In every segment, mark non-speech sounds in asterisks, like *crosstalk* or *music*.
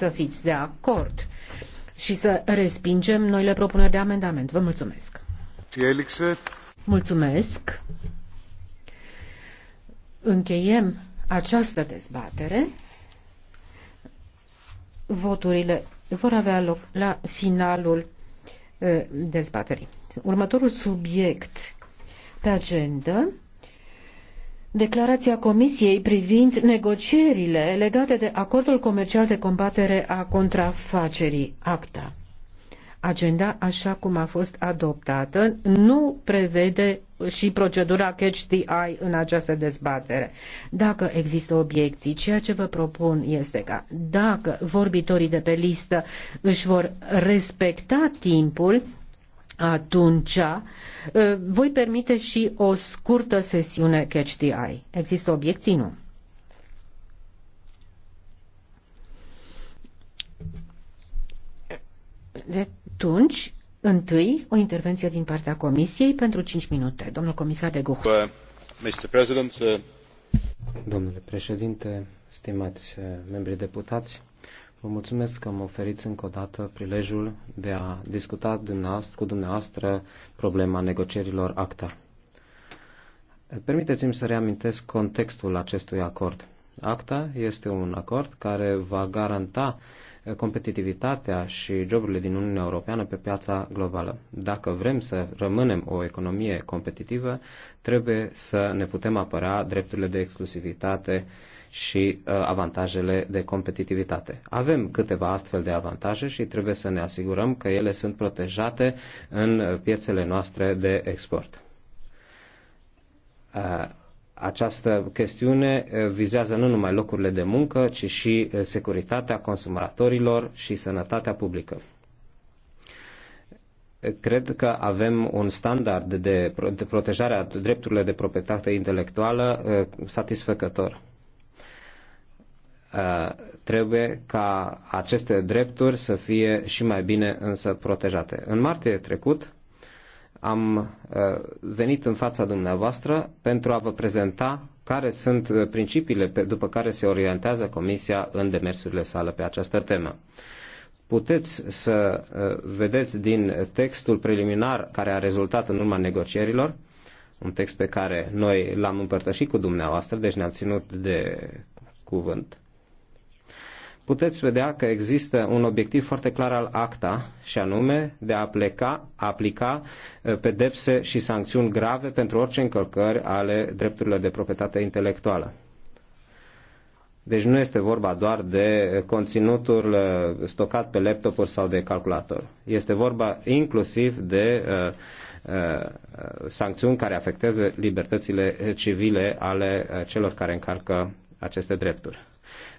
să fiți de acord și să respingem noile propuneri de amendament. Vă mulțumesc. Elixe. Mulțumesc. Încheiem această dezbatere. Voturile vor avea loc la finalul eh, dezbaterii. Următorul subiect pe agenda declarația Comisiei privind negocierile legate de acordul comercial de combatere a contrafacerii ACTA. Agenda, așa cum a fost adoptată, nu prevede și procedura catch the eye în această dezbatere. Dacă există obiecții, ceea ce vă propun este ca dacă vorbitorii de pe listă își vor respecta timpul, atunci ă, voi permite și o scurtă sesiune Catch the Eye. Există obiecții? Nu. De atunci, întâi, o intervenție din partea Comisiei pentru 5 minute. Domnul comisar de Guh. Uh, Domnule președinte, stimați uh, membri deputați, Vă mulțumesc că mă oferiți încă o dată prilejul de a discuta cu dumneavoastră problema negocierilor ACTA. Permiteți-mi să reamintesc contextul acestui acord. ACTA este un acord care va garanta competitivitatea și joburile din Uniunea Europeană pe piața globală. Dacă vrem să rămânem o economie competitivă, trebuie să ne putem apăra drepturile de exclusivitate uh, și uh, avantajele de competitivitate. Avem câteva astfel de avantaje și trebuie să ne asigurăm că ele sunt protejate în piețele noastre de export. Uh, această chestiune uh, vizează nu numai locurile de muncă, ci și securitatea consumatorilor și sănătatea publică cred că avem un standard de, protejare a drepturilor de proprietate intelectuală satisfăcător. Uh, trebuie ca aceste drepturi să fie și mai bine însă protejate. În martie trecut am uh, venit în fața dumneavoastră pentru a vă prezenta care sunt principiile după care se orientează Comisia în demersurile sale pe această temă. Puteți să uh, vedeți din textul preliminar care a rezultat în urma negocierilor, un text pe care noi l-am împărtășit cu dumneavoastră, deci ne-am ținut de cuvânt, puteți vedea că există un obiectiv foarte clar al ACTA și anume de a pleca, a aplica uh, pedepse și sancțiuni grave pentru orice încălcări ale drepturilor de proprietate intelectuală. Deci nu este vorba doar de conținutul uh, stocat pe laptopuri sau de calculator. Este vorba inclusiv de uh, sancțiuni care afectează libertățile civile ale celor care încalcă aceste drepturi.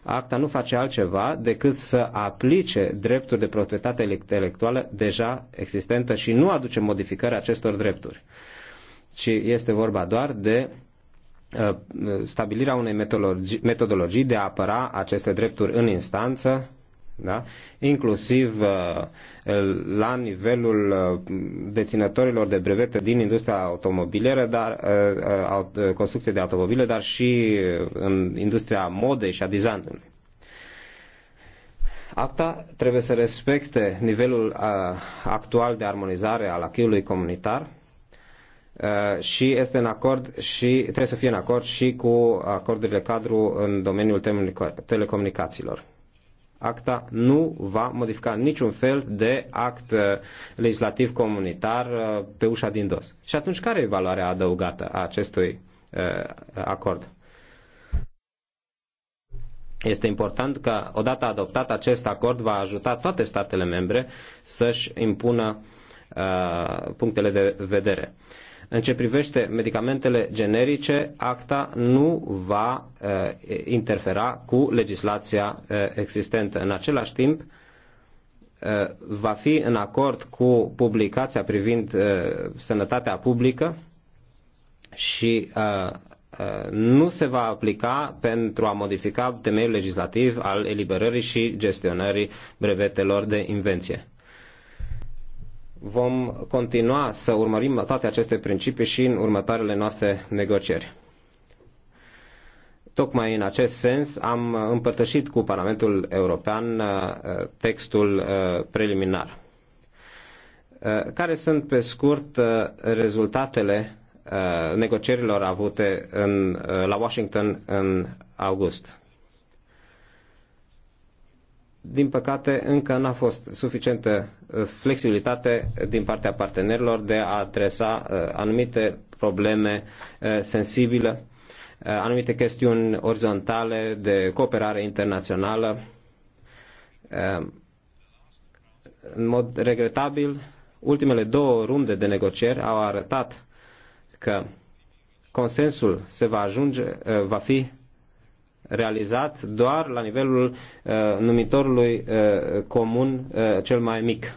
ACTA nu face altceva decât să aplice drepturi de proprietate intelectuală deja existentă și nu aduce modificări acestor drepturi. Ci este vorba doar de uh, stabilirea unei metodologii de a apăra aceste drepturi în instanță da? inclusiv uh, la nivelul uh, deținătorilor de brevete din industria automobilieră, dar uh, construcție de automobile, dar și în industria modei și a designului. Acta trebuie să respecte nivelul actual de armonizare al acquis comunitar și este în acord și trebuie să fie în acord și cu acordurile cadru în domeniul telecomunicațiilor acta nu va modifica niciun fel de act uh, legislativ comunitar uh, pe ușa din dos. Și atunci care e valoarea adăugată a acestui uh, acord? Este important că, odată adoptat acest acord, va ajuta toate statele membre să-și impună uh, punctele de vedere. Uh, în ce privește medicamentele generice, acta nu va eh, interfera cu legislația eh, existentă. În același timp, eh, va fi în acord cu publicația privind sănătatea publică și nu se va aplica pentru a modifica temeiul legislativ al eliberării și gestionării brevetelor de invenție vom continua să urmărim toate aceste principii și în următoarele noastre negocieri. Tocmai în acest sens am împărtășit cu Parlamentul European uh, textul uh, preliminar. Uh, care sunt, pe scurt, rezultatele negocierilor avute în, la Washington în august? din păcate, încă n-a fost suficientă uh, flexibilitate din partea partenerilor de a adresa uh, anumite probleme uh, sensibile, anumite chestiuni orizontale de cooperare internațională. În mod regretabil, ultimele două runde de negocieri au arătat că consensul se va ajunge, va fi realizat doar la nivelul uh, numitorului uh, comun uh, cel mai mic.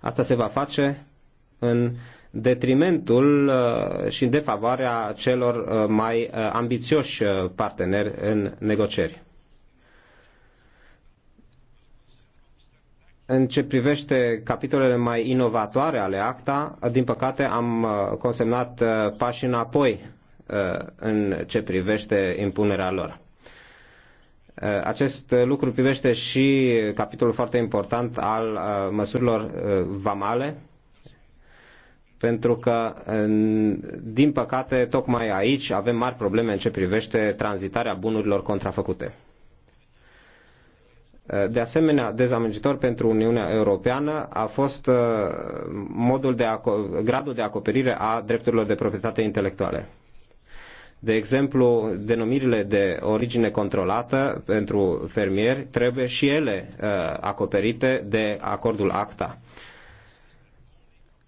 Asta se va face în detrimentul și în defavoarea celor mai ambițioși parteneri în negocieri. În ce privește capitolele mai inovatoare ale ACTA, din păcate am consemnat pași înapoi Uh, în ce privește impunerea lor. Uh, acest lucru privește și capitolul foarte important al uh, măsurilor vamale, pentru că, din păcate, tocmai aici avem mari probleme în ce privește tranzitarea bunurilor contrafăcute. De asemenea, dezamăgitor pentru Uniunea Europeană a fost modul de, gradul de acoperire a drepturilor de proprietate intelectuale de exemplu, denumirile de origine controlată pentru fermieri trebuie și ele uh, acoperite de acordul ACTA.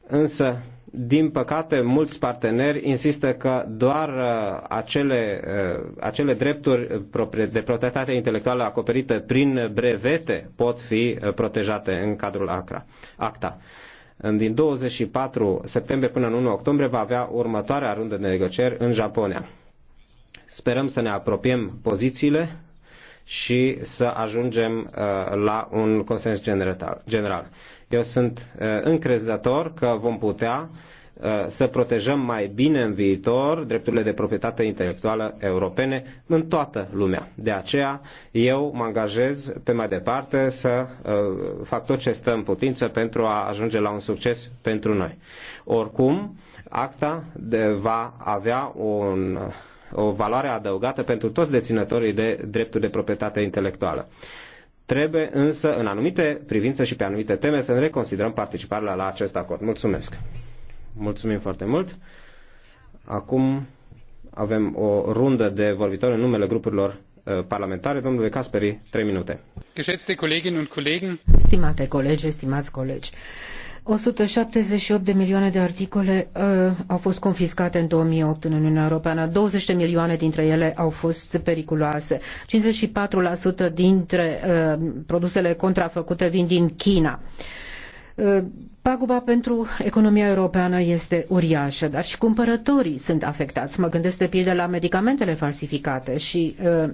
Însă, din păcate, mulți parteneri insistă că doar uh, acele, uh, acele drepturi de proprietate intelectuală acoperite prin brevete pot fi protejate în cadrul ACTA din 24 septembrie până în 1 octombrie va avea următoarea rundă de negocieri în Japonia. Sperăm să ne apropiem pozițiile și să ajungem uh, la un consens general. Eu sunt uh, încrezător că vom putea Uh, să protejăm mai bine în viitor drepturile de proprietate intelectuală europene în toată lumea. De aceea eu mă angajez pe mai departe să uh, fac tot ce stă în putință pentru a ajunge la un succes pentru noi. Oricum, acta va avea un o valoare adăugată pentru toți deținătorii de drepturi de proprietate intelectuală. Trebuie însă, în anumite privințe și pe anumite teme, să ne reconsiderăm participarea la acest acord. Mulțumesc! Mulțumim foarte mult. Acum avem o rundă de vorbitori în numele grupurilor uh, parlamentare. Domnule Casperi, trei minute. Stimate colegi, stimați colegi, 178 de milioane de articole uh, au fost confiscate în 2008 în Uniunea Europeană. 20 de milioane dintre ele au fost periculoase. 54% dintre uh, produsele contrafăcute vin din China. Uh, Paguba pentru economia europeană este uriașă, dar și cumpărătorii sunt afectați. Mă gândesc de pildă la medicamentele falsificate și uh,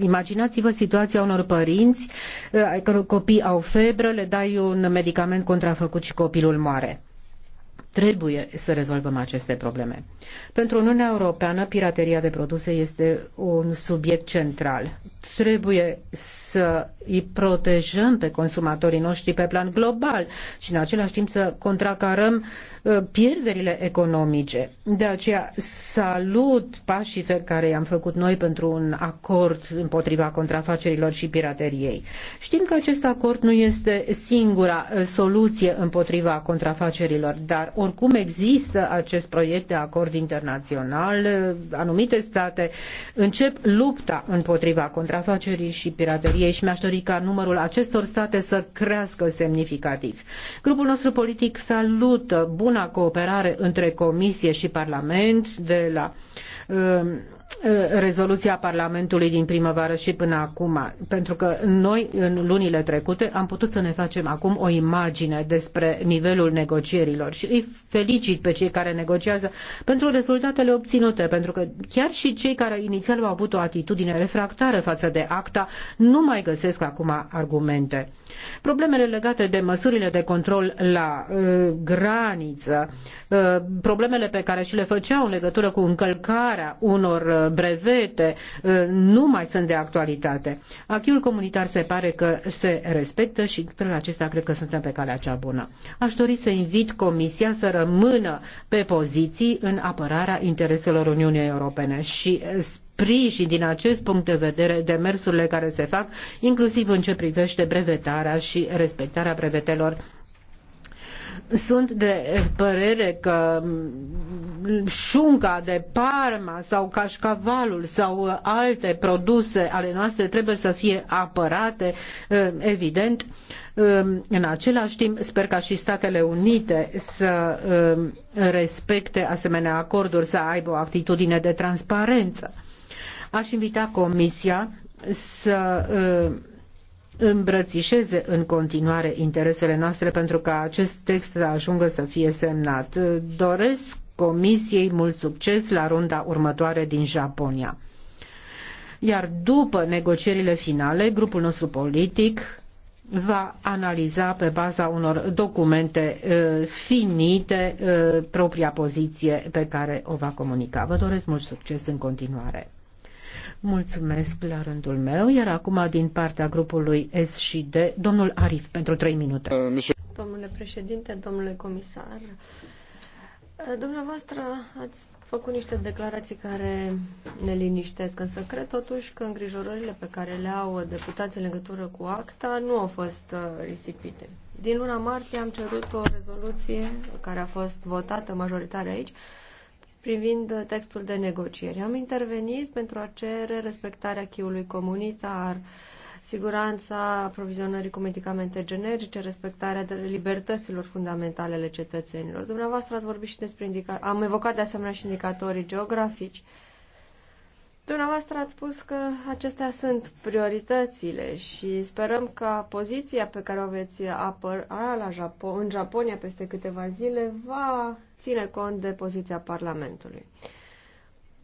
imaginați-vă situația unor părinți uh, ai căror copii au febră, le dai un medicament contrafăcut și copilul moare. Trebuie să rezolvăm aceste probleme. Pentru Uniunea Europeană, pirateria de produse este un subiect central. Trebuie să îi protejăm pe consumatorii noștri pe plan global și în același timp să contracarăm uh, Uh, pierderile economice. De aceea salut pașii pe care i-am făcut noi pentru un acord împotriva contrafacerilor și pirateriei. Știm că acest acord nu este singura uh, soluție împotriva contrafacerilor, dar oricum există acest proiect de acord internațional. Uh, anumite state încep lupta împotriva contrafacerii și pirateriei și mi-aș dori ca numărul acestor state să crească semnificativ. Grupul nostru politic salută bună buna cooperare între Comisie și Parlament de la um, Uh, rezoluția Parlamentului din primăvară și până acum, pentru că noi în lunile trecute am putut să ne facem acum o imagine despre nivelul negocierilor și îi felicit pe cei care negociază pentru rezultatele obținute, pentru că chiar și cei care inițial au avut o atitudine refractară față de acta nu mai găsesc acum argumente. Problemele legate de măsurile de control la uh, graniță, uh, problemele pe care și le făceau în legătură cu încălcarea unor uh, brevete uh, nu mai sunt de actualitate. Achiul comunitar se pare că se respectă și prin acesta cred că suntem pe calea cea bună. Aș dori să invit Comisia să rămână pe poziții în apărarea intereselor Uniunii Europene și sprijin din acest punct de vedere demersurile care se fac, inclusiv în ce privește brevetarea și respectarea brevetelor sunt de părere că șunca de parma sau cașcavalul sau alte produse ale noastre trebuie să fie apărate, eh, evident. Eh, în același timp, sper ca și Statele Unite să eh, respecte asemenea acorduri, să aibă o actitudine de transparență. Aș invita Comisia să îmbrățișeze în continuare interesele noastre pentru ca acest text să ajungă să fie semnat. Doresc Comisiei mult succes la runda următoare din Japonia. Iar după negocierile finale, grupul nostru politic va analiza pe baza unor documente uh, finite uh, propria poziție pe care o va comunica. Vă doresc mult succes în continuare. Mulțumesc la rândul meu, iar acum din partea grupului S și D, domnul Arif, pentru 3 minute. Uh, domnule președinte, domnule comisar, uh, dumneavoastră ați făcut niște declarații care ne liniștesc, însă cred totuși că îngrijorările pe care le au deputații în legătură cu acta nu au fost uh, risipite. Din luna martie am cerut o rezoluție care a fost votată majoritar aici, privind textul de negociere. Am intervenit pentru a cere respectarea chiului comunitar, siguranța aprovizionării cu medicamente generice, respectarea libertăților fundamentale ale cetățenilor. Dumneavoastră ați vorbit și despre indica- am evocat de asemenea și indicatorii geografici. Uh, Dumneavoastră ați spus că acestea sunt prioritățile și sperăm ca poziția pe care o veți apăra la Japo- în Japonia peste câteva zile va ține cont de poziția Parlamentului.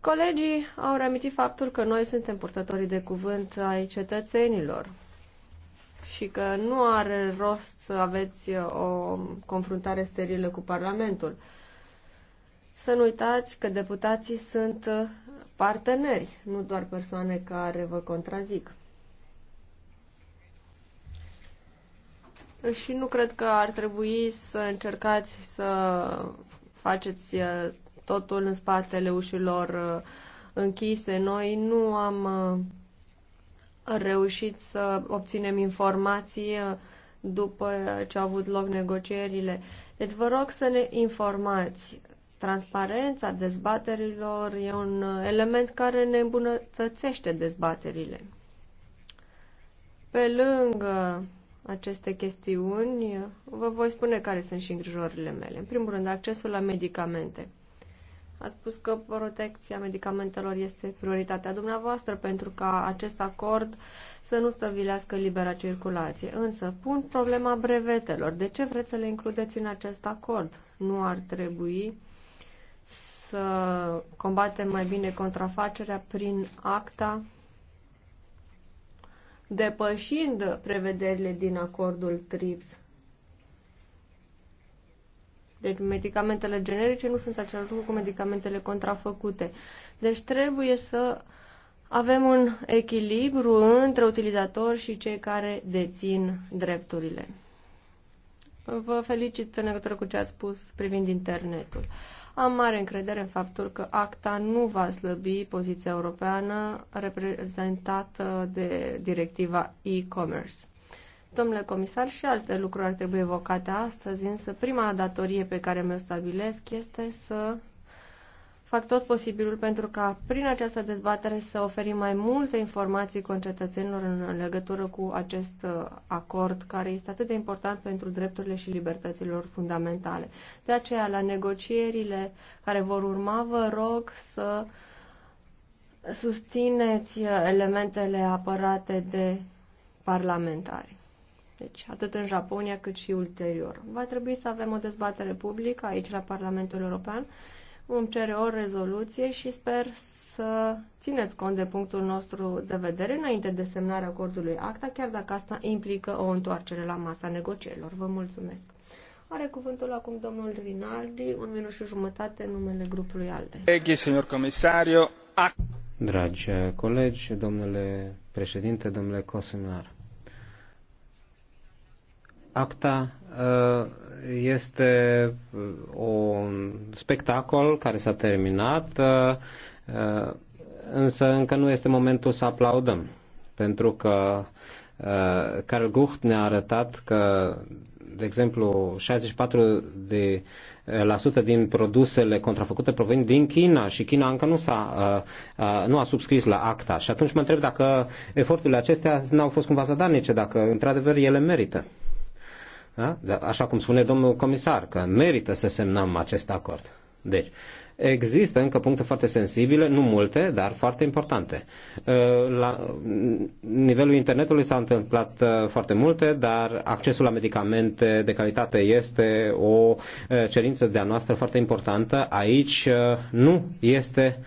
Colegii au reamintit faptul că noi suntem purtătorii de cuvânt ai cetățenilor și că nu are rost să aveți o confruntare sterilă cu Parlamentul. Să nu uitați că deputații sunt parteneri, nu doar persoane care vă contrazic. Și nu cred că ar trebui să încercați să faceți uh, totul în spatele ușilor uh, închise. Noi nu am uh, reușit să obținem informații după ce au avut loc negocierile. Deci vă rog să ne informați Transparența dezbaterilor e un element care ne îmbunătățește dezbaterile. Pe lângă aceste chestiuni, vă voi spune care sunt și îngrijorările mele. În primul rând, accesul la medicamente. Ați spus că protecția medicamentelor este prioritatea dumneavoastră pentru ca acest acord să nu stăvilească libera circulație. Însă pun problema brevetelor. De ce vreți să le includeți în acest acord? Nu ar trebui să combatem mai bine contrafacerea prin acta, depășind prevederile din acordul TRIPS. Deci medicamentele generice nu sunt același lucru cu medicamentele contrafăcute. Deci trebuie să avem un echilibru între utilizatori și cei care dețin drepturile. Vă felicit în legătură cu ce ați spus privind internetul. Am mare încredere în faptul că ACTA nu va slăbi poziția europeană reprezentată de directiva e-commerce. Domnule comisar, și alte lucruri ar trebui evocate astăzi, însă prima datorie pe care mi-o stabilesc este să fac tot posibilul pentru ca prin această dezbatere să oferim mai multe informații concetățenilor în legătură cu acest uh, acord care este atât de important pentru drepturile și libertăților fundamentale. De aceea, la negocierile care vor urma, vă rog să susțineți elementele apărate de parlamentari. Deci, atât în Japonia cât și ulterior. Va trebui să avem o dezbatere publică aici la Parlamentul European vom cere o rezoluție și sper să țineți cont de punctul nostru de vedere înainte de semnarea acordului ACTA, chiar dacă asta implică o întoarcere la masa negocierilor. Vă mulțumesc! Are cuvântul acum domnul Rinaldi, un minut și jumătate în numele grupului ALDE. Signor comisario, Dragi colegi, domnule președinte, domnule Cosinar, ACTA uh, este un uh, spectacol care s-a terminat, uh, însă încă nu este momentul să aplaudăm, pentru că Karl Gucht ne-a arătat că, de exemplu, 64% de, la sută din produsele contrafăcute provin din China și China încă nu, s-a, nu a subscris la ACTA. Și atunci mă întreb dacă eforturile acestea n-au fost cumva zadarnice, dacă într-adevăr ele merită. Da? Așa cum spune domnul comisar, că merită să semnăm acest acord. Deci, există încă puncte foarte sensibile, nu multe, dar foarte importante. Uh, la nivelul internetului s-au întâmplat uh, foarte multe, dar accesul la medicamente de calitate este o uh, cerință de a noastră foarte importantă. Aici nu este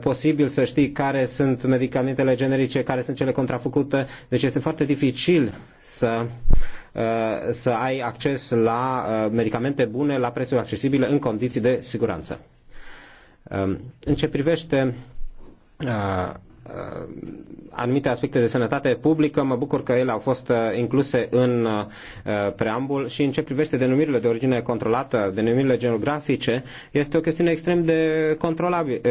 posibil să știi care sunt medicamentele generice, care sunt cele contrafăcute, deci este foarte dificil să uh, Uh, să ai acces la uh, medicamente bune la prețuri accesibile în condiții de siguranță. Um, în ce privește uh, anumite aspecte de sănătate publică. Mă bucur că ele au fost incluse în preambul și în ce privește denumirile de origine controlată, denumirile geografice, este o chestiune extrem de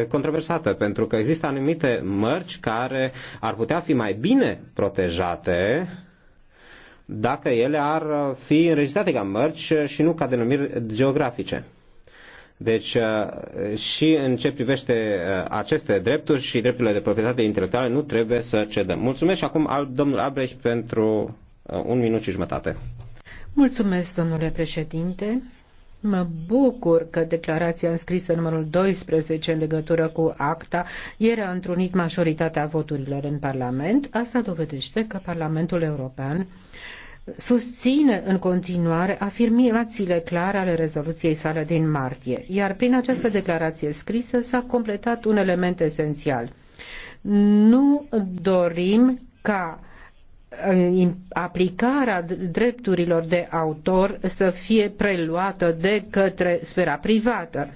controversată, pentru că există anumite mărci care ar putea fi mai bine protejate dacă ele ar fi înregistrate ca mărci și nu ca denumiri geografice. Deci uh, și în ce privește uh, aceste drepturi și drepturile de proprietate intelectuală nu trebuie să cedăm. Mulțumesc și acum domnul Abreș pentru uh, un minut și jumătate. Mulțumesc, domnule președinte. Mă bucur că declarația înscrisă numărul 12 în legătură cu acta ieri a întrunit majoritatea voturilor în Parlament. Asta dovedește că Parlamentul European susține în continuare afirmațiile clare ale rezoluției sale din martie, iar prin această declarație scrisă s-a completat un element esențial. Nu dorim ca uh, aplicarea drepturilor de autor să fie preluată de către sfera privată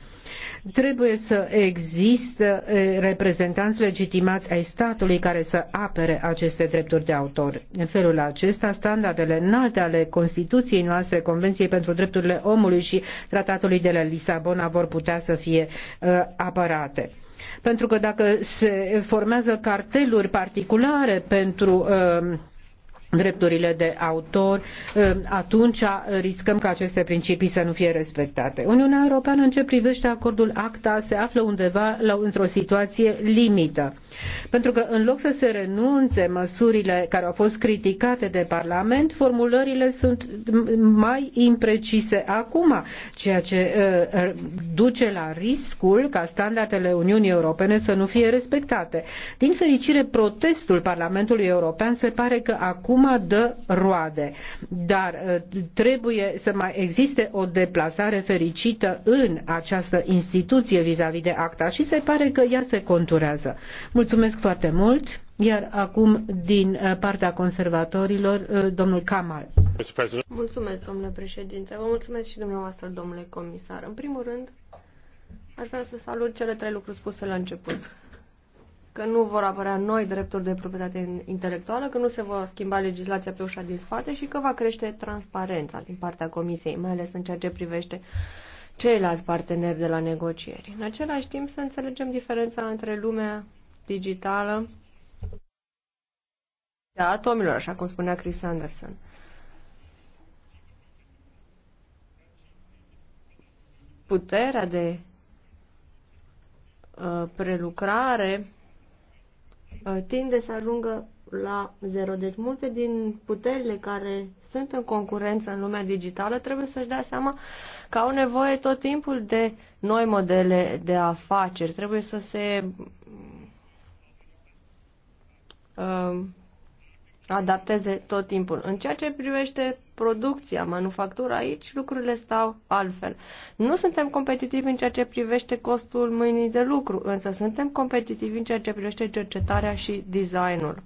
Trebuie să există reprezentanți legitimați ai statului care să apere aceste drepturi de autor. În felul acesta, standardele înalte ale Constituției noastre, Convenției pentru Drepturile Omului și Tratatului de la Lisabona vor putea să fie apărate pentru că dacă se formează carteluri particulare pentru uh, drepturile de autor, ă, atunci riscăm ca aceste principii să nu fie respectate. Uniunea Europeană, în ce privește acordul ACTA, se află undeva la, într-o situație limită. Pentru că în loc să se renunțe măsurile care au fost criticate de Parlament, formulările sunt mai imprecise acum, ceea ce uh, duce la riscul ca standardele Uniunii Europene să nu fie respectate. Din fericire, protestul Parlamentului European se pare că acum dă roade, dar uh, trebuie să mai existe o deplasare fericită în această instituție vis-a-vis de acta și se pare că ea se conturează. Mulțumesc Mulțumesc foarte mult. Iar acum, din uh, partea conservatorilor, uh, domnul Kamal. Mulțumesc, domnule președinte. Vă mulțumesc și dumneavoastră, domnule comisar. În primul rând, aș vrea să salut cele trei lucruri spuse la început. Că nu vor apărea noi drepturi de proprietate intelectuală, că nu se va schimba legislația pe ușa din spate și că va crește transparența din partea Comisiei, mai ales în ceea ce privește ceilalți parteneri de la negocieri. În același timp să înțelegem diferența între lumea digitală a da, atomilor, așa cum spunea Chris Anderson. Puterea de uh, prelucrare uh, tinde să ajungă la zero. Deci multe din puterile care sunt în concurență în lumea digitală trebuie să-și dea seama că au nevoie tot timpul de noi modele de afaceri. Trebuie să se uh, adapteze tot timpul. În ceea ce privește producția, manufactura, aici lucrurile stau altfel. Nu suntem competitivi în ceea ce privește costul mâinii de lucru, însă suntem competitivi în ceea ce privește cercetarea și designul.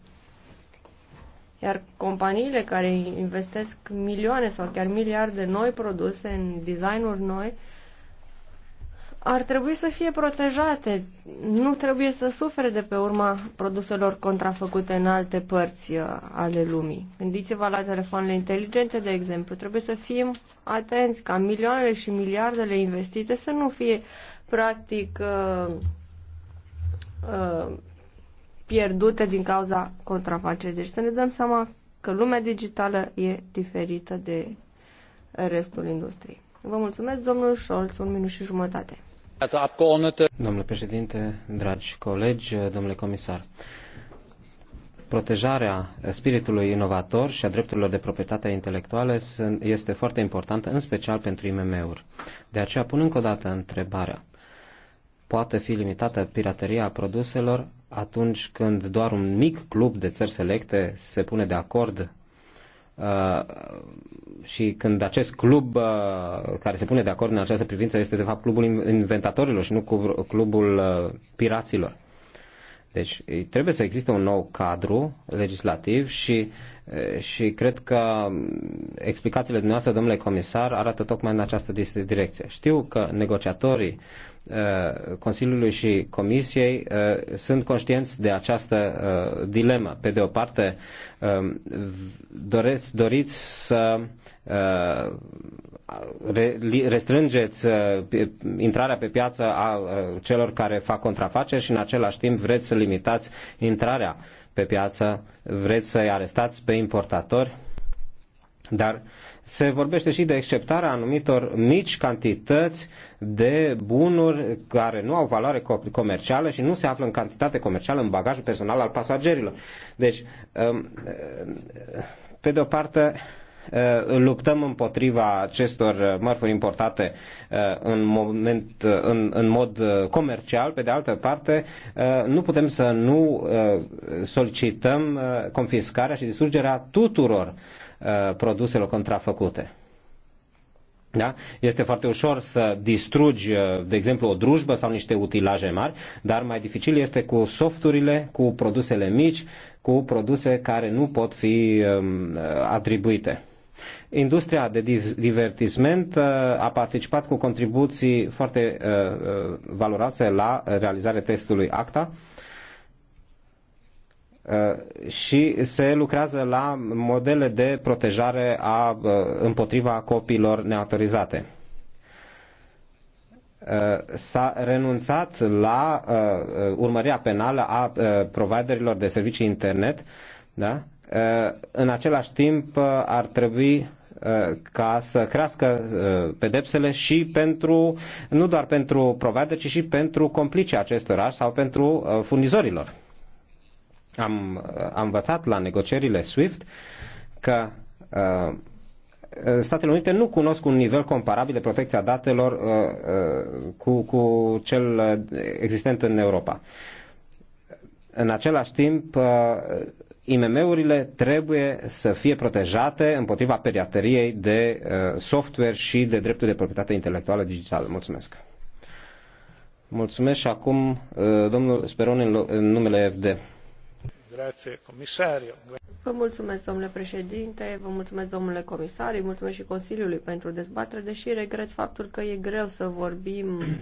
Iar companiile care investesc milioane sau chiar miliarde noi produse în designuri noi, uh, ar trebui să fie protejate, nu trebuie să sufere de pe urma produselor contrafăcute în alte părți uh, ale lumii. Gândiți-vă la telefoanele inteligente, de exemplu. Trebuie să fim atenți ca milioanele și miliardele investite să nu fie practic uh, uh, pierdute din cauza contrafacerii. Deci să ne dăm seama că lumea digitală e diferită de restul industriei. Vă mulțumesc, domnul Scholz, un minut și jumătate. Domnule președinte, dragi colegi, domnule comisar, protejarea spiritului inovator și a drepturilor de proprietate intelectuală este foarte importantă, în special pentru IMM-uri. De aceea pun încă o dată întrebarea. Poate fi limitată pirateria produselor atunci când doar un mic club de țări selecte se pune de acord Uh, și când acest club uh, care se pune de acord în această privință este de fapt clubul inventatorilor și nu clubul uh, piraților. Deci trebuie să existe un nou cadru legislativ și, și cred că explicațiile dumneavoastră, domnule comisar, arată tocmai în această direcție. Știu că negociatorii Uh, Consiliului și Comisiei uh, sunt conștienți de această uh, dilemă. Pe de o parte, um, doreți, doriți să restrângeți intrarea pe piață a celor care fac contrafaceri și în același timp vreți să limitați intrarea pe piață, vreți să-i arestați pe importatori dar se vorbește și de acceptarea anumitor mici cantități de bunuri care nu au valoare comercială și nu se află în cantitate comercială în bagajul personal al pasagerilor. Deci, um, pe de o parte, uh, luptăm împotriva acestor mărfuri importate uh, în, moment, uh, în, în mod comercial, pe de altă parte nu putem să nu solicităm confiscarea și distrugerea tuturor Uh, produselor contrafăcute. Da? Este foarte ușor să distrugi, uh, de exemplu, o drujbă sau niște utilaje mari, dar mai dificil este cu softurile, cu produsele mici, cu produse care nu pot fi um, uh, atribuite. Industria de divertisment a participat cu contribuții foarte valoroase la realizarea testului ACTA Uh, și se lucrează la modele de protejare a, uh, împotriva copiilor neautorizate. Uh, s-a renunțat la urmărirea penală a providerilor de servicii internet, da? în același timp ar trebui ca să crească pedepsele și pentru, nu doar pentru provider, ci și pentru complicii acestora sau pentru furnizorilor am, am învățat la negocierile SWIFT că uh, Statele Unite nu cunosc un nivel comparabil de protecție a datelor uh, uh, cu, cu cel existent în Europa. În același timp, uh, IMM-urile trebuie să fie protejate împotriva pirateriei de uh, software și de dreptul de proprietate intelectuală digitală. Mulțumesc! Mulțumesc și acum uh, domnul Speron în numele FD. Vă mulțumesc, domnule președinte, vă mulțumesc, domnule comisar, îi mulțumesc și Consiliului pentru dezbatere, deși regret faptul că e greu să vorbim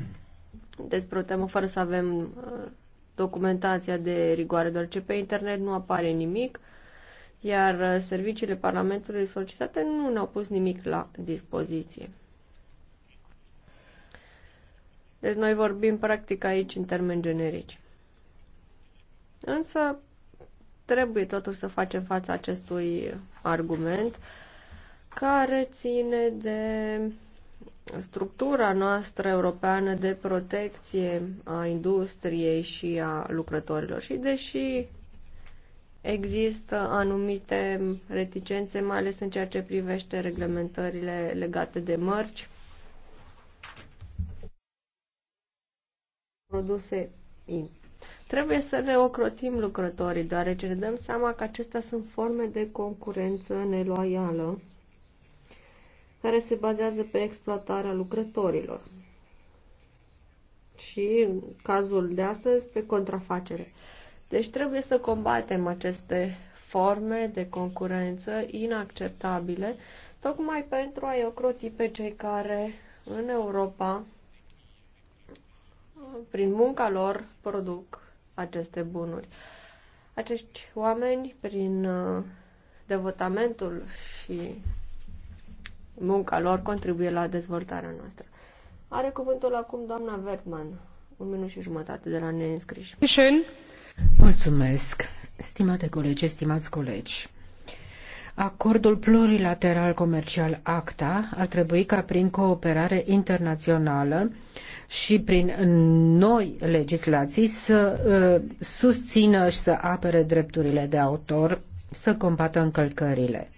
*clears throat* despre o temă fără să avem uh, documentația de rigoare, deoarece pe internet nu apare nimic, iar uh, serviciile Parlamentului solicitate nu ne-au pus nimic la dispoziție. Deci noi vorbim practic aici în termeni generici. Însă trebuie totuși să facem față acestui argument care ține de structura noastră europeană de protecție a industriei și a lucrătorilor. Și deși există anumite reticențe, mai ales în ceea ce privește reglementările legate de mărci, produse Trebuie să ne ocrotim lucrătorii, deoarece ne dăm seama că acestea sunt forme de concurență neloială care se bazează pe exploatarea lucrătorilor și, în cazul de astăzi, pe contrafacere. Deci trebuie să combatem aceste forme de concurență inacceptabile, tocmai pentru a-i ocroti pe cei care în Europa, prin munca lor, produc aceste bunuri. Acești oameni, prin uh, devotamentul și munca lor, contribuie la dezvoltarea noastră. Are cuvântul acum doamna Vertman, un minut și jumătate de la neînscriși. Mulțumesc, stimate colegi, stimați colegi. Acordul plurilateral comercial ACTA ar trebui ca prin cooperare internațională și prin noi legislații să uh, susțină și să apere drepturile de autor, să combată încălcările.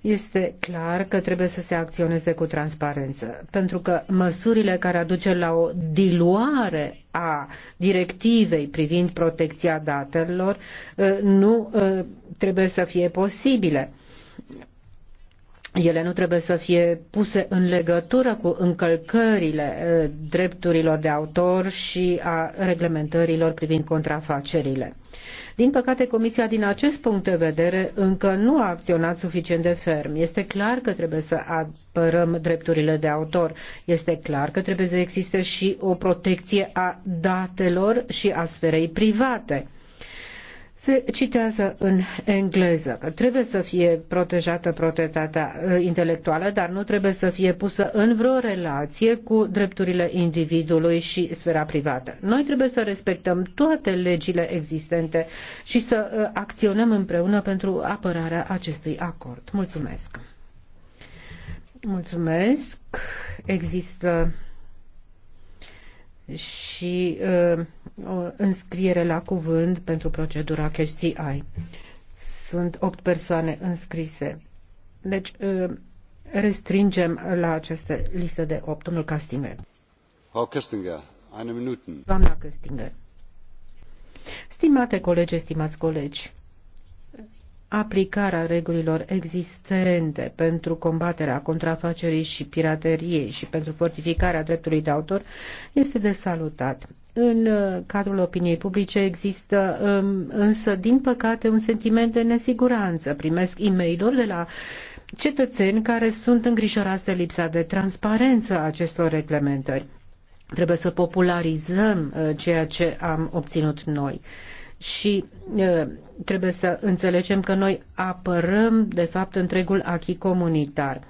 Este clar că trebuie să se acționeze cu transparență, pentru că măsurile care aduce la o diluare a directivei privind protecția datelor uh, nu uh, trebuie să fie posibile ele nu trebuie să fie puse în legătură cu încălcările eh, drepturilor de autor și a reglementărilor privind contrafacerile. Din păcate, Comisia din acest punct de vedere încă nu a acționat suficient de ferm. Este clar că trebuie să apărăm drepturile de autor. Este clar că trebuie să existe și o protecție a datelor și a sferei private se citează în engleză, că trebuie să fie protejată proprietatea uh, intelectuală, dar nu trebuie să fie pusă în vreo relație cu drepturile individului și sfera privată. Noi trebuie să respectăm toate legile existente și să uh, acționăm împreună pentru apărarea acestui acord. Mulțumesc! Mulțumesc! Există și uh, înscriere la cuvânt pentru procedura CHDI. Sunt opt persoane înscrise. Deci uh, restringem la aceste listă de opt. Domnul Castinger. Frau Köstinger, eine Minute. Doamna Köstinger. Stimate colegi, stimați colegi, aplicarea regulilor existente pentru combaterea contrafacerii și pirateriei și pentru fortificarea dreptului de autor este de salutat. În uh, cadrul opiniei publice există um, însă, din păcate, un sentiment de nesiguranță. Primesc e mail de la cetățeni care sunt îngrijorați de lipsa de transparență a acestor reglementări. Trebuie să popularizăm uh, ceea ce am obținut noi și trebuie să înțelegem că noi apărăm, de fapt, întregul achi comunitar.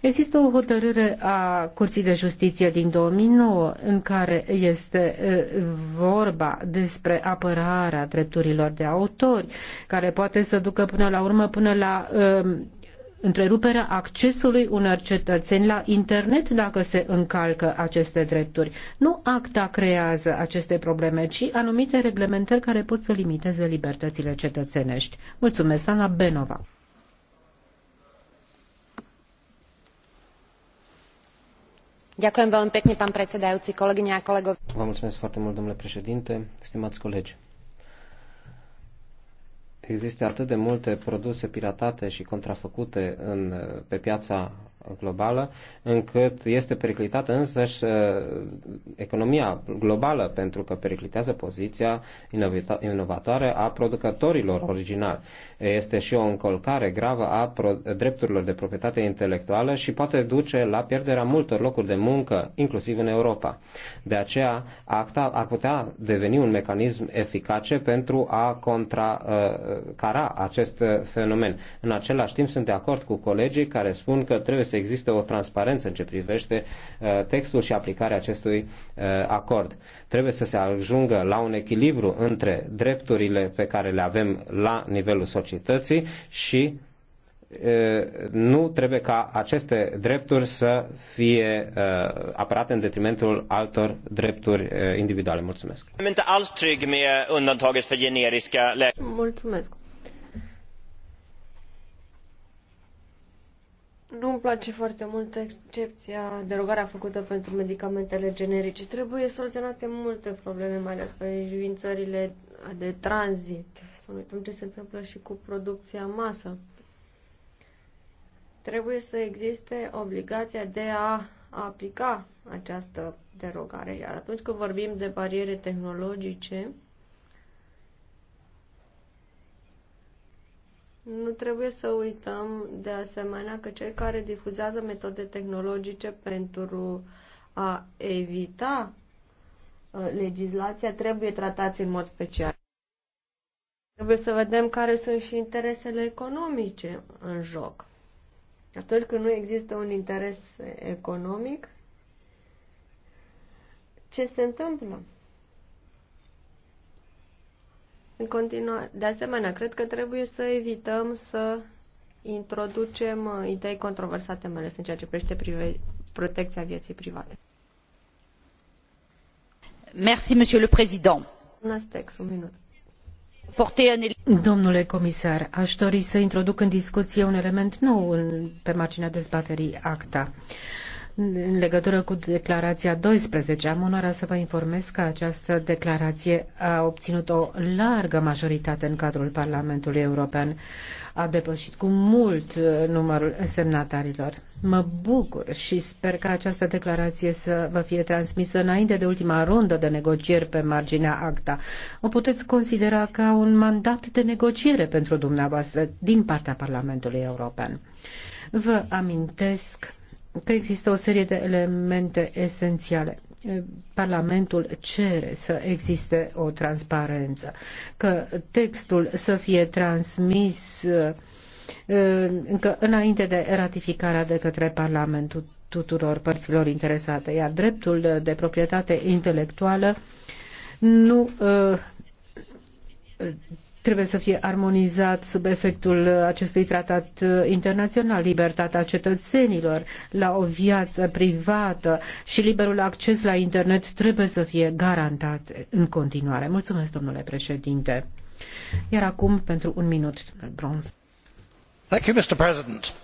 Există o hotărâre a Curții de Justiție din 2009 în care este vorba despre apărarea drepturilor de autori, care poate să ducă până la urmă până la întreruperea accesului unor cetățeni la internet dacă se încalcă aceste drepturi. Nu acta creează aceste probleme, ci anumite reglementări care pot să limiteze libertățile cetățenești. Mulțumesc, Ana Benova. Ďakujem veľmi pekne, pán predsedajúci, kolegyne a Vă mulțumesc foarte mult, domnule președinte, stimați colegi. Există atât de multe produse piratate și contrafăcute în, pe piața globală, încât este periclitată însăși uh, economia globală, pentru că periclitează poziția inovatoare a producătorilor originali. Este și o încolcare gravă a drepturilor de proprietate intelectuală și poate duce la pierderea multor locuri de muncă, inclusiv în Europa. De aceea, acta ar putea deveni un mecanism eficace pentru a contracara uh, acest uh, fenomen. În același timp, sunt de acord cu colegii care spun că trebuie să existe o transparență în ce privește uh, textul și aplicarea acestui uh, acord. Trebuie să se ajungă la un echilibru între drepturile pe care le avem la nivelul societății și uh, nu trebuie ca aceste drepturi să fie apărate în detrimentul altor drepturi individuale. Mulțumesc. Mulțumesc. Nu-mi place foarte mult excepția, derogarea făcută pentru medicamentele generice. Trebuie soluționate multe probleme, mai ales pe țările de tranzit. Să nu uităm ce se întâmplă și cu producția masă. Trebuie să existe obligația de a aplica această derogare. Iar atunci când vorbim de bariere tehnologice, Nu trebuie să uităm de asemenea că cei care difuzează metode tehnologice pentru a evita uh, legislația trebuie tratați în mod special. Trebuie să vedem care sunt și interesele economice în joc. Atunci când nu există un interes economic, ce se întâmplă? În continuare, de asemenea, cred că trebuie să evităm să introducem uh, idei controversate, mai ales în ceea ce privește prive- protecția vieții private. Merci, Monsieur le Président. Nastex, un minut. Domnule comisar, aș dori să introduc în discuție un element nou în, pe marginea dezbaterii ACTA. Uh, în legătură cu declarația 12, am onoarea să vă informez că această declarație a obținut o largă majoritate în cadrul Parlamentului European. A depășit cu mult uh, numărul semnatarilor. Mă bucur și sper că această declarație să vă fie transmisă înainte de ultima rundă de negocieri pe marginea ACTA. O puteți considera ca un mandat de negociere pentru dumneavoastră din partea Parlamentului European. Vă amintesc că există o serie de elemente esențiale. Parlamentul cere să existe o transparență, că textul să fie transmis uh, încă înainte de ratificarea de către Parlamentul tuturor părților interesate, iar dreptul de proprietate intelectuală nu uh, trebuie să fie armonizat sub efectul acestui tratat uh, internațional, libertatea cetățenilor la o viață privată și liberul acces la internet trebuie să fie garantat în continuare. Mulțumesc, domnule președinte. Iar acum, pentru un minut, Bronz. Thank you, Mr. President.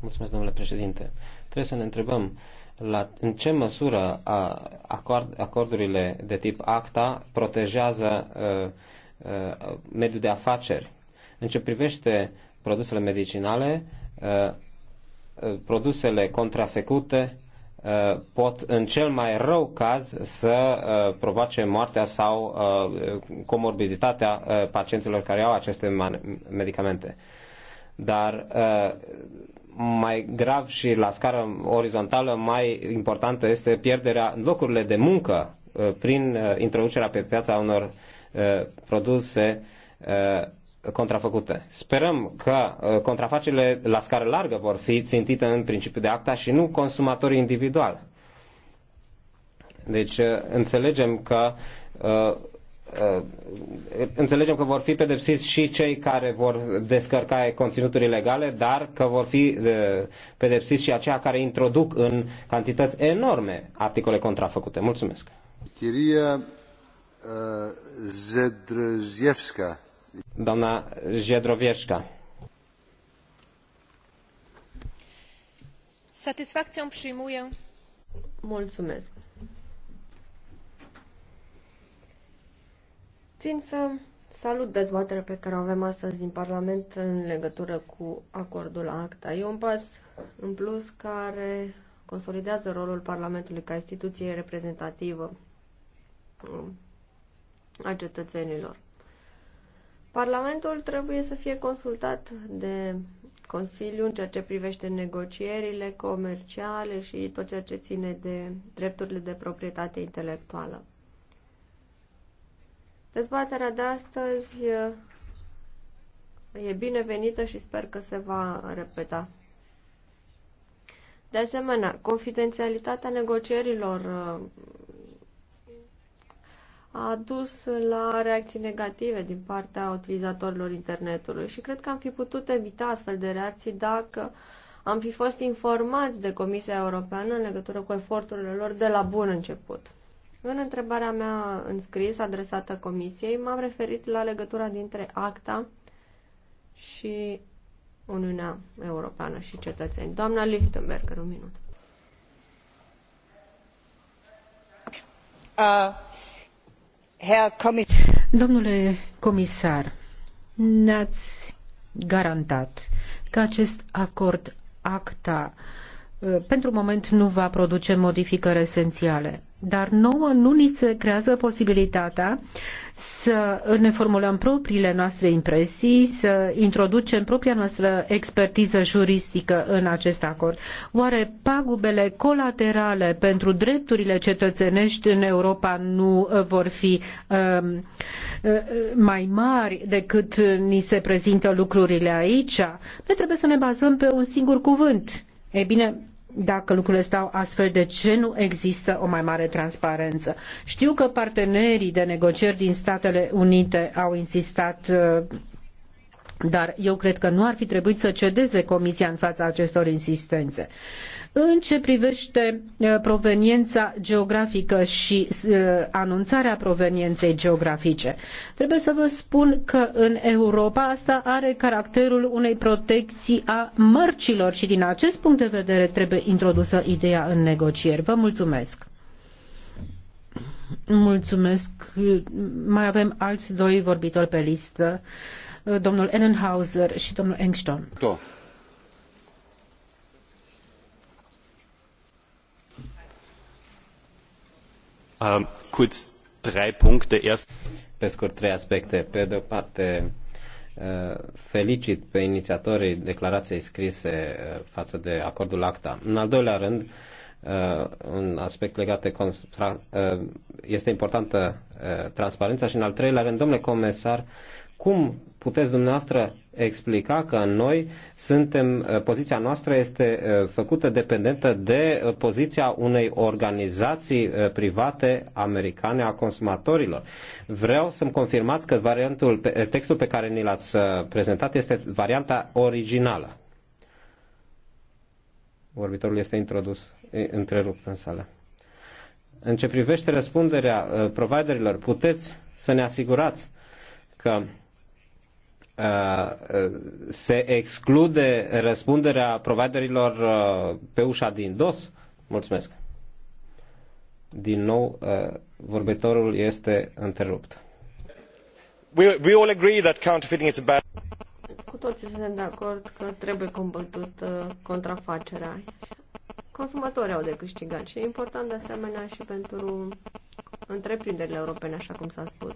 Mulțumesc, domnule președinte. Trebuie să ne întrebăm la, în ce măsură a, acord, acordurile de tip ACTA protejează uh, Uh, mediul de afaceri. În ce privește produsele medicinale, uh, uh, produsele contrafecute pot în cel mai rău caz să provoace moartea sau comorbiditatea pacienților care au aceste medicamente. Dar mai grav și la scară orizontală, mai importantă este pierderea locurilor de muncă prin introducerea pe piața unor Uh, produse uh, contrafăcute. Sperăm că uh, contrafacerile la scară largă vor fi țintite în principiu de acta și nu consumatorii individual. Deci înțelegem că înțelegem că vor fi pedepsiți și cei care vor descărca conținuturi ilegale, dar că vor fi pedepsiți și aceia care introduc în cantități enorme articole contrafăcute. Mulțumesc! Chiria Zedrzewska. Doamna z Satysfakcją przyjmuję. Mulțumesc. Țin să salut dezbaterea pe care o avem astăzi din Parlament în legătură cu acordul ACTA. E un pas în plus care consolidează rolul Parlamentului ca instituție reprezentativă a cetățenilor. Parlamentul trebuie să fie consultat de Consiliu în ceea ce privește negocierile comerciale și tot ceea ce ține de drepturile de proprietate intelectuală. Dezbaterea de astăzi e binevenită și sper că se va repeta. De asemenea, confidențialitatea negocierilor a dus la reacții negative din partea utilizatorilor internetului și cred că am fi putut evita astfel de reacții dacă am fi fost informați de Comisia Europeană în legătură cu eforturile lor de la bun început. În întrebarea mea înscris, adresată Comisiei, m-am referit la legătura dintre ACTA și Uniunea Europeană și cetățeni. Doamna Lichtenberger, un minut. Uh Domnule comisar, ne-ați garantat că acest acord ACTA uh, pentru moment nu va produce modificări esențiale dar nouă nu ni se creează posibilitatea să ne formulăm propriile noastre impresii, să introducem propria noastră expertiză juristică în acest acord. Oare pagubele colaterale pentru drepturile cetățenești în Europa nu uh, vor fi um, uh, mai mari decât ni se prezintă lucrurile aici? Noi trebuie să ne bazăm pe un singur cuvânt. Ei bine, dacă lucrurile stau astfel, de ce nu există o mai mare transparență? Știu că partenerii de negocieri din Statele Unite au insistat uh, dar eu cred că nu ar fi trebuit să cedeze Comisia în fața acestor insistențe. În ce privește uh, proveniența geografică și uh, anunțarea provenienței geografice, trebuie să vă spun că în Europa asta are caracterul unei protecții a mărcilor și din acest punct de vedere trebuie introdusă ideea în negocieri. Vă mulțumesc! Mulțumesc! Mai avem alți doi vorbitori pe listă domnul Ennenhauser și domnul engstrm da. um, pe scurt trei aspecte. Pe de o parte, uh, felicit pe inițiatorii declarației scrise uh, față de acordul ACTA. În al doilea rând, uh, un aspect legat de este importantă transparența și în al treilea rând, domnule comisar, cum puteți dumneavoastră explica că noi suntem, uh, poziția noastră este uh, făcută dependentă de uh, poziția unei organizații private americane a consumatorilor. Vreau să-mi confirmați că variantul, textul pe care ni l-ați prezentat este varianta originală. Vorbitorul este introdus, întrerupt în sală. În ce privește răspunderea providerilor, puteți să ne asigurați că Uh, se exclude răspunderea providerilor uh, pe ușa din DOS? Mulțumesc. Din nou, uh, vorbitorul este întrerupt. We, we all agree that counterfeiting is a bad cu toții suntem de acord că trebuie combătut contrafacerea. Consumatorii au de câștigat și e important de asemenea și pentru întreprinderile europene, așa cum s-a spus.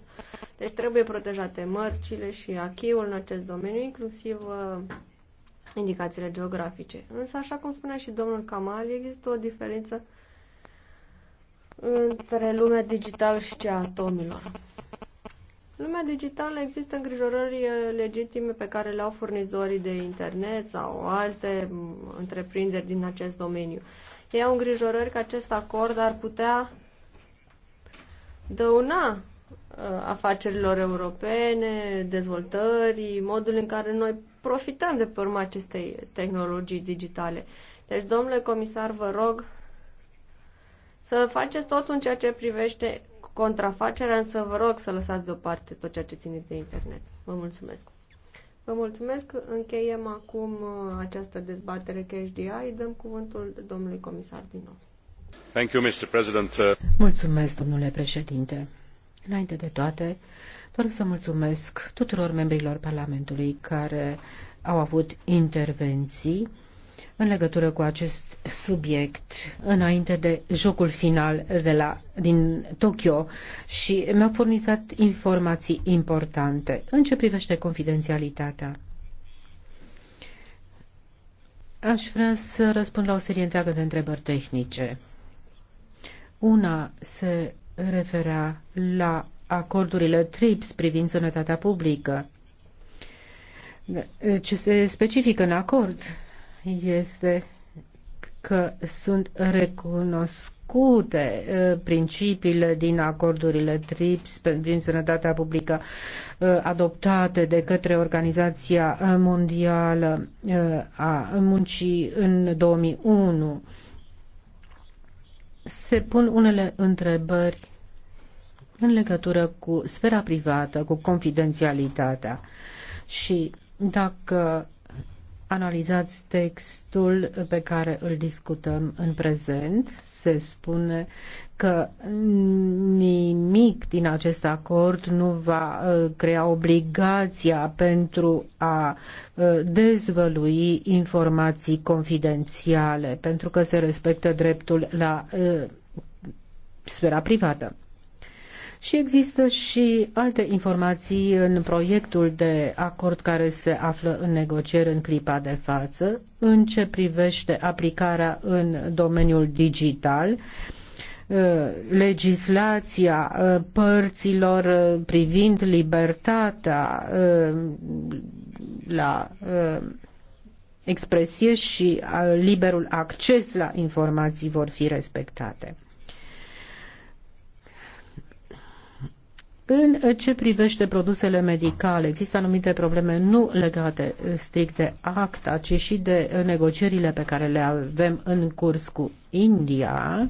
Deci trebuie protejate mărcile și achiul în acest domeniu, inclusiv uh, indicațiile geografice. Însă, așa cum spunea și domnul Kamal, există o diferență între lumea digitală și cea a atomilor. Lumea digitală există îngrijorări uh, legitime pe care le au furnizorii de internet sau alte întreprinderi din acest domeniu. Ei au îngrijorări că acest acord ar putea dăuna uh, afacerilor europene, dezvoltării, modul în care noi profităm de pe urma acestei tehnologii digitale. Deci, domnule comisar, vă rog să faceți totul în ceea ce privește contrafacerea, însă vă rog să lăsați deoparte tot ceea ce ține de internet. Vă mulțumesc! Vă mulțumesc! Încheiem acum uh, această dezbatere KHDI Dăm cuvântul domnului comisar din nou. Mulțumesc, domnule președinte. Înainte de toate, doresc să mulțumesc tuturor membrilor Parlamentului care au avut intervenții în legătură cu acest subiect înainte de jocul final de la, din Tokyo și mi-au furnizat informații importante în ce privește confidențialitatea. Aș vrea să răspund la o serie întreagă de întrebări tehnice. Una se referea la acordurile TRIPS privind sănătatea publică. Ce se specifică în acord este că sunt recunoscute uh, principiile din acordurile TRIPS privind sănătatea publică uh, adoptate de către Organizația Mondială uh, a Muncii în 2001 se pun unele întrebări în legătură cu sfera privată, cu confidențialitatea. Și dacă analizați textul pe care îl discutăm în prezent, se spune că nimic din acest acord nu va uh, crea obligația pentru a uh, dezvălui informații confidențiale, pentru că se respectă dreptul la uh, sfera privată. Și există și alte informații în proiectul de acord care se află în negocieri în clipa de față, în ce privește aplicarea în domeniul digital, uh, Uh, legislația uh, părților uh, privind libertatea la expresie și liberul acces la informații vor fi respectate. În ce privește produsele medicale, există anumite probleme nu legate strict de acta, ci și de negocierile pe care le avem în curs cu India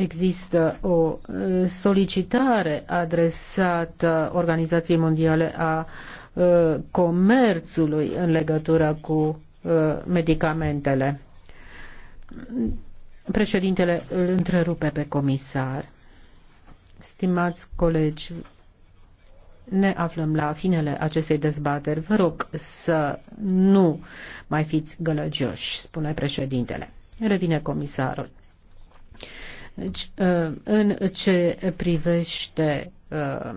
Există o uh, solicitare adresată Organizației Mondiale a uh, Comerțului în legătură cu uh, medicamentele. Președintele îl întrerupe pe comisar. Stimați colegi, ne aflăm la finele acestei dezbateri. Vă rog să nu mai fiți gălăgioși, spune președintele. Revine comisarul. Deci, ă, în ce privește ă,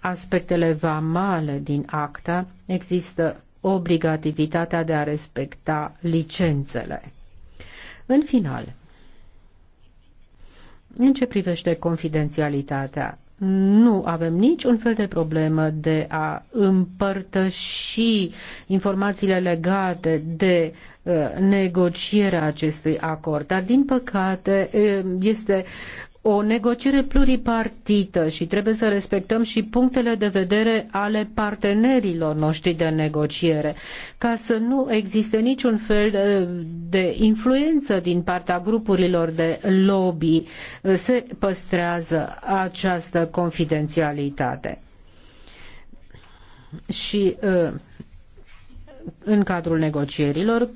aspectele vamale din acta, există obligativitatea de a respecta licențele. În final, în ce privește confidențialitatea, nu avem nici un fel de problemă de a împărtăși informațiile legate de uh, negocierea acestui acord, dar din păcate uh, este o negociere pluripartită și trebuie să respectăm și punctele de vedere ale partenerilor noștri de negociere, ca să nu existe niciun fel de influență din partea grupurilor de lobby, se păstrează această confidențialitate. Și în cadrul negocierilor,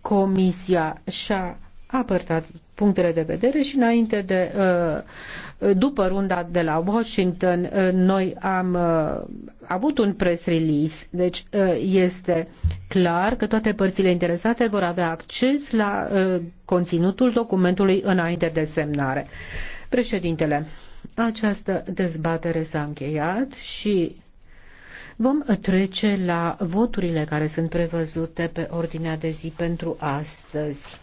Comisia și-a apărtat punctele de vedere și înainte de uh, după runda de la Washington uh, noi am uh, avut un press release, deci este clar că toate părțile interesate vor avea acces la conținutul documentului înainte de semnare. Președintele, această dezbatere s-a încheiat și Vom trece la voturile care sunt prevăzute pe ordinea de zi pentru astăzi.